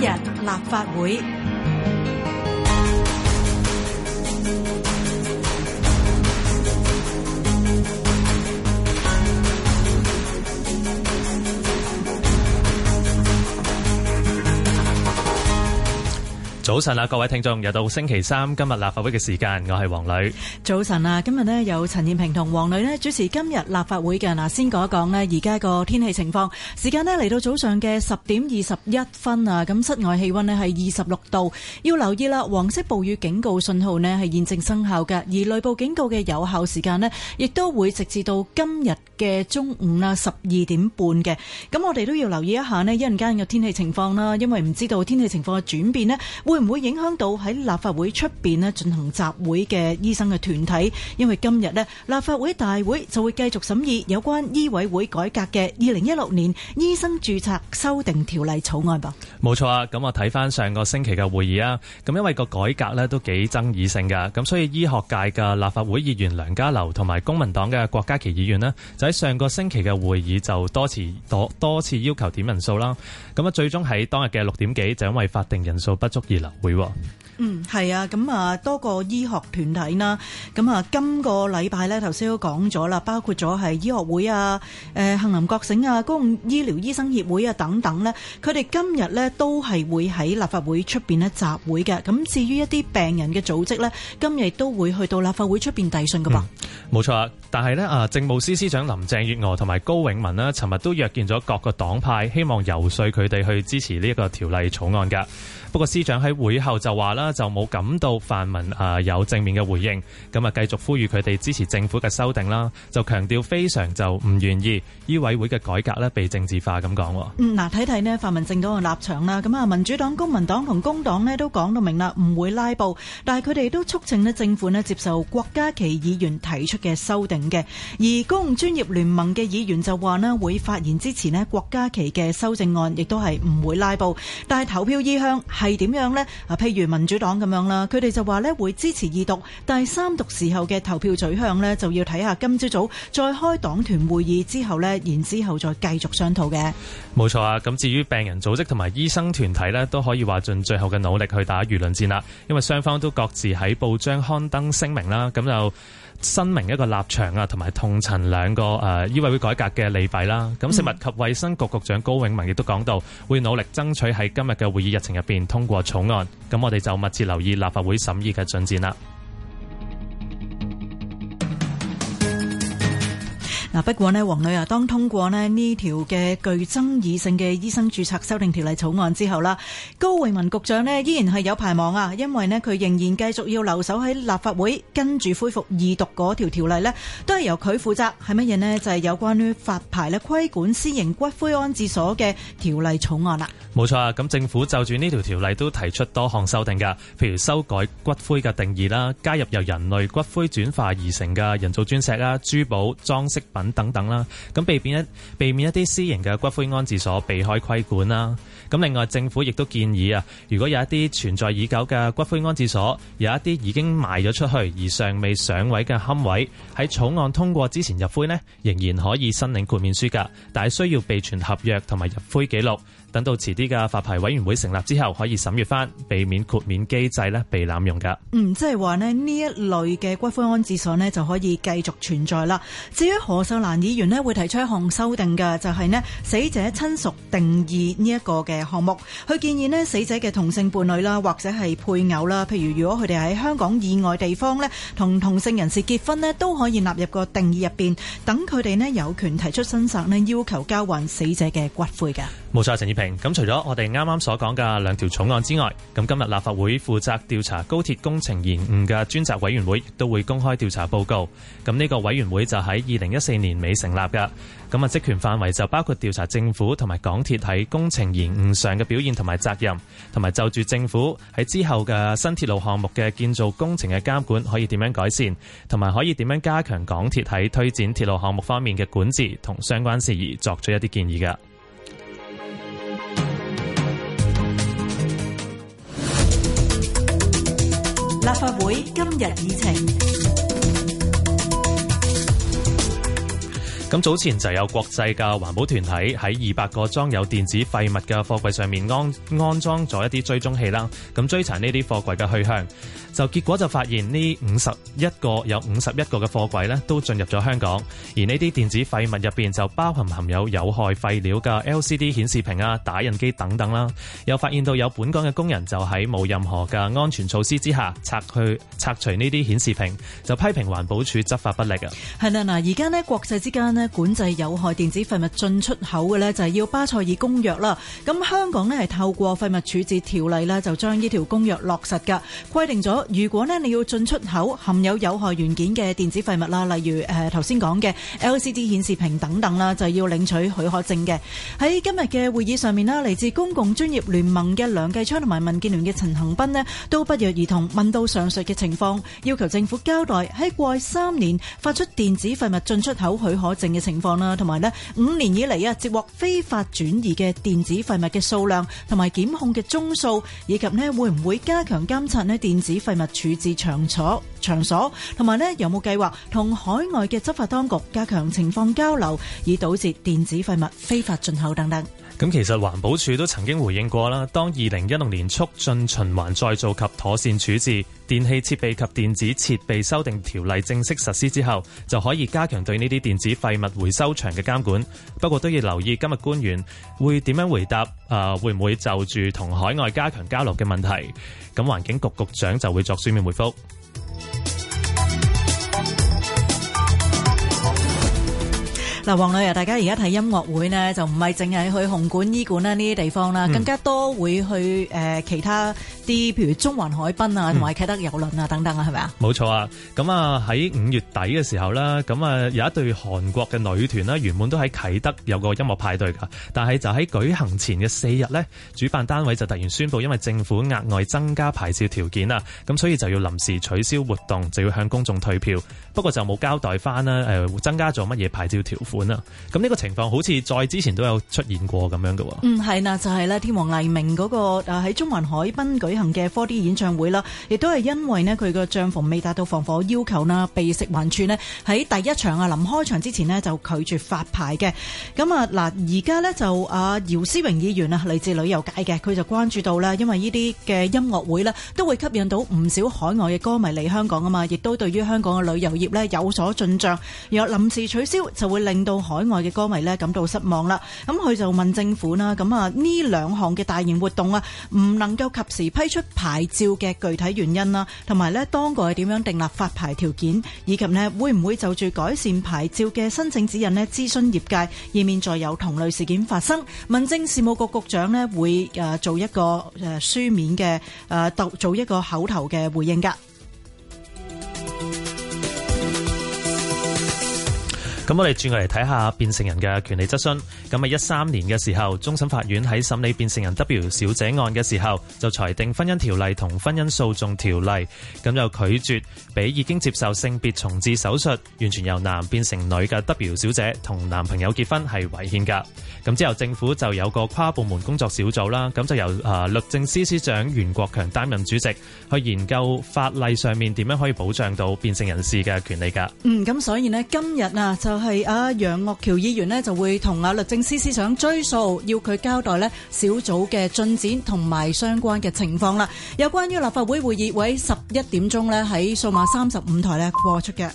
今日立法會。Yet, 早晨啊，各位聽眾，又到星期三，今日立法會嘅時間，我係黃磊。早晨啊，今日咧，有陳燕平同黃磊咧主持今日立法會嘅。嗱，先講一講咧，而家個天氣情況。時間咧嚟到早上嘅十點二十一分啊，咁室外氣溫咧係二十六度。要留意啦，黃色暴雨警告信號咧係現正生效嘅，而內部警告嘅有效時間咧亦都會直至到今日嘅中午啊十二點半嘅。咁我哋都要留意一下咧，一陣間嘅天氣情況啦，因為唔知道天氣情況嘅轉變咧會。會唔會影響到喺立法會出邊咧進行集會嘅醫生嘅團體？因為今日咧立法會大會就會繼續審議有關醫委會改革嘅二零一六年醫生注冊修訂條例草案噃。冇錯啊，咁我睇翻上個星期嘅會議啊，咁因為個改革咧都幾爭議性噶，咁所以醫學界嘅立法會議員梁家騮同埋公民黨嘅郭家麒議員咧，就喺上個星期嘅會議就多次多多次要求點人數啦。咁啊，最終喺當日嘅六點幾就因為法定人數不足而流。會 We 嗯，係啊，咁、嗯、啊多個醫學團體啦，咁、嗯、啊今個禮拜咧，頭先都講咗啦，包括咗係醫學會啊、誒、呃、杏林覺醒啊、公共醫療醫生協會啊等等咧，佢哋今日咧都係會喺立法會出邊咧集會嘅，咁至於一啲病人嘅組織咧，今日亦都會去到立法會出邊遞信噶噃。冇錯啊！但係呢，啊，政務司司長林鄭月娥同埋高永文呢，尋日都約見咗各個黨派，希望游說佢哋去支持呢一個條例草案㗎。不過司長喺會後就話啦，就冇感到泛民啊有正面嘅回應，咁啊繼續呼籲佢哋支持政府嘅修訂啦，就強調非常就唔願意醫委會嘅改革呢，被政治化咁講。嗯，嗱睇睇呢，泛民政黨嘅立場啦，咁啊民主黨、公民黨同工黨呢，都講到明啦，唔會拉布，但係佢哋都促請政府咧接受郭家麒議員提出嘅修訂嘅，而公共專業聯盟嘅議員就話呢會發言之前咧，郭家麒嘅修正案亦都係唔會拉布，但係投票意向係點樣呢？啊，譬如民主黨咁樣啦，佢哋就話咧會支持二讀，但係三讀時候嘅投票取向呢，就要睇下今朝早再開黨團會議之後呢，然之後再繼續商討嘅。冇錯啊。咁至於病人組織同埋醫生團體呢，都可以話盡最後嘅努力去打輿論戰啦，因為雙方都各自喺報章刊登聲明啦，咁就。聲明一個立場啊，同埋痛陳兩個誒醫委會改革嘅利弊啦。咁食物及衛生局局長高永文亦都講到，會努力爭取喺今日嘅會議日程入面通過草案。咁我哋就密切留意立法會審議嘅進展啦。不過呢黃女啊，當通過呢呢條嘅具爭議性嘅醫生註冊修訂條例草案之後啦，高永文局長呢依然係有排忙啊，因為呢佢仍然繼續要留守喺立法會，跟住恢復二讀嗰條條例呢都係由佢負責。係乜嘢呢？就係、是、有關於發牌咧規管私營骨灰安置所嘅條例草案啦。冇錯啊，咁政府就住呢條條例都提出多項修訂噶，譬如修改骨灰嘅定義啦，加入由人類骨灰轉化而成嘅人造鑽石啦、珠寶裝飾品。等等啦，咁避免一避免一啲私營嘅骨灰安置所避開規管啦。咁另外，政府亦都建議啊，如果有一啲存在已久嘅骨灰安置所，有一啲已經賣咗出去而尚未上位嘅龕位，喺草案通過之前入灰呢，仍然可以申領豁免書噶，但係需要備存合約同埋入灰記錄。等到遲啲嘅發牌委員會成立之後，可以審閱翻，避免豁免機制呢被濫用噶。嗯，即係話呢，呢一類嘅骨灰安置所呢就可以繼續存在啦。至於何秀蘭議員呢會提出一項修訂嘅，就係呢死者親屬定義呢一個嘅項目，佢建議呢，死者嘅同性伴侶啦，或者係配偶啦，譬如如果佢哋喺香港以外地方呢同同性人士結婚呢，都可以納入個定義入邊，等佢哋呢有權提出申索呢，要求交還死者嘅骨灰嘅。冇錯，陳志平，咁除咗我哋啱啱所講嘅兩條草案之外，咁今日立法會負責調查高鐵工程延誤嘅專責委員會都會公開調查報告。咁呢個委員會就喺二零一四年尾成立㗎。咁啊，職權範圍就包括調查政府同埋港鐵喺工程延誤上嘅表現同埋責任，同埋就住政府喺之後嘅新鐵路項目嘅建造工程嘅監管可以點樣改善，同埋可以點樣加強港鐵喺推展鐵路項目方面嘅管治同相關事宜，作出一啲建議㗎。法會今日議程。咁早前就有國際嘅環保團體喺二百個裝有電子廢物嘅貨櫃上面安安裝咗一啲追蹤器啦，咁追查呢啲貨櫃嘅去向，就結果就發現呢五十一個有五十一個嘅貨櫃呢都進入咗香港，而呢啲電子廢物入面就包含含有有害廢料嘅 LCD 顯示屏啊、打印機等等啦，又發現到有本港嘅工人就喺冇任何嘅安全措施之下拆去拆除呢啲顯示屏，就批評環保署執法不力啊。係啦，嗱而家呢國際之間。管制有害電子廢物進出口嘅咧，就係要巴塞爾公約啦。咁香港呢，係透過廢物處置條例呢，就將呢條公約落實噶，規定咗如果呢你要進出口含有有害元件嘅電子廢物啦，例如誒頭先講嘅 LCD 顯示屏等等啦，就要領取許可證嘅。喺今日嘅會議上面啦，嚟自公共專業聯盟嘅梁繼昌同埋民建聯嘅陳恆斌呢，都不約而同問到上述嘅情況，要求政府交代喺過去三年發出電子廢物進出口許可證嘅情況啦，同埋咧五年以嚟啊，接獲非法轉移嘅電子廢物嘅數量，同埋檢控嘅宗數，以及咧會唔會加強監察咧電子廢物處置場所場所，同埋咧有冇計劃同海外嘅執法當局加強情況交流，以堵截電子廢物非法進口等等。咁其實環保署都曾經回應過啦，當二零一六年促進循環再造及妥善處置電器設備及電子設備修訂條例正式實施之後，就可以加強對呢啲電子廢物回收場嘅監管。不過都要留意今日官員會點樣回答，啊、呃、會唔會就住同海外加強交流嘅問題，咁環境局局長就會作書面回覆嗱，黃女士，大家而家睇音樂會呢，就唔係淨係去紅館、醫館啦，呢啲地方啦，更加多會去誒其他。啲譬如中環海濱啊，同埋啟德郵輪啊、嗯、等等啊，係咪啊？冇錯啊！咁啊喺五月底嘅時候啦，咁啊有一隊韓國嘅女團啦，原本都喺啟德有個音樂派對㗎，但係就喺舉行前嘅四日呢，主辦單位就突然宣布，因為政府額外增加牌照條件啦，咁所以就要臨時取消活動，就要向公眾退票。不過就冇交代翻啦，誒增加咗乜嘢牌照條款啊？咁呢個情況好似再之前都有出現過咁樣嘅。嗯，係啦，就係、是、啦，天王黎明嗰、那個喺中環海濱舉行嘅科 d 演唱會啦，亦都係因為呢，佢個帳篷未達到防火要求啦，被食環署呢，喺第一場啊臨開場之前呢，就拒絕發牌嘅。咁啊嗱，而家呢，就啊姚思榮議員啊嚟自旅遊界嘅，佢就關注到啦，因為呢啲嘅音樂會咧都會吸引到唔少海外嘅歌迷嚟香港啊嘛，亦都對於香港嘅旅遊業咧有所進賬，然後臨時取消，就會令到海外嘅歌迷咧感到失望啦。咁佢就問政府啦，咁啊呢兩項嘅大型活動啊，唔能夠及時批。出牌照嘅具體原因啦，同埋咧，當局係點樣訂立發牌條件，以及呢會唔會就住改善牌照嘅申請指引呢諮詢業界，以免再有同類事件發生。民政事務局局長呢會誒做一個誒書面嘅誒讀做一個口頭嘅回應噶。咁我哋轉過嚟睇下變性人嘅權利質詢。咁啊，一三年嘅時候，終審法院喺審理變性人 W 小姐案嘅時候，就裁定婚姻條例同婚姻訴訟條例，咁就拒絕俾已經接受性別重置手術、完全由男變成女嘅 W 小姐同男朋友結婚係違憲噶。咁之後政府就有個跨部門工作小組啦，咁就由、呃、律政司司長袁國強擔任主席，去研究法例上面點樣可以保障到變性人士嘅權利噶。嗯，咁所以呢，今日啊就。係啊，楊岳橋議員呢就會同啊律政司司長追訴，要佢交代呢小組嘅進展同埋相關嘅情況啦。有關於立法會會議會喺十一點鐘呢喺數碼三十五台呢播出嘅。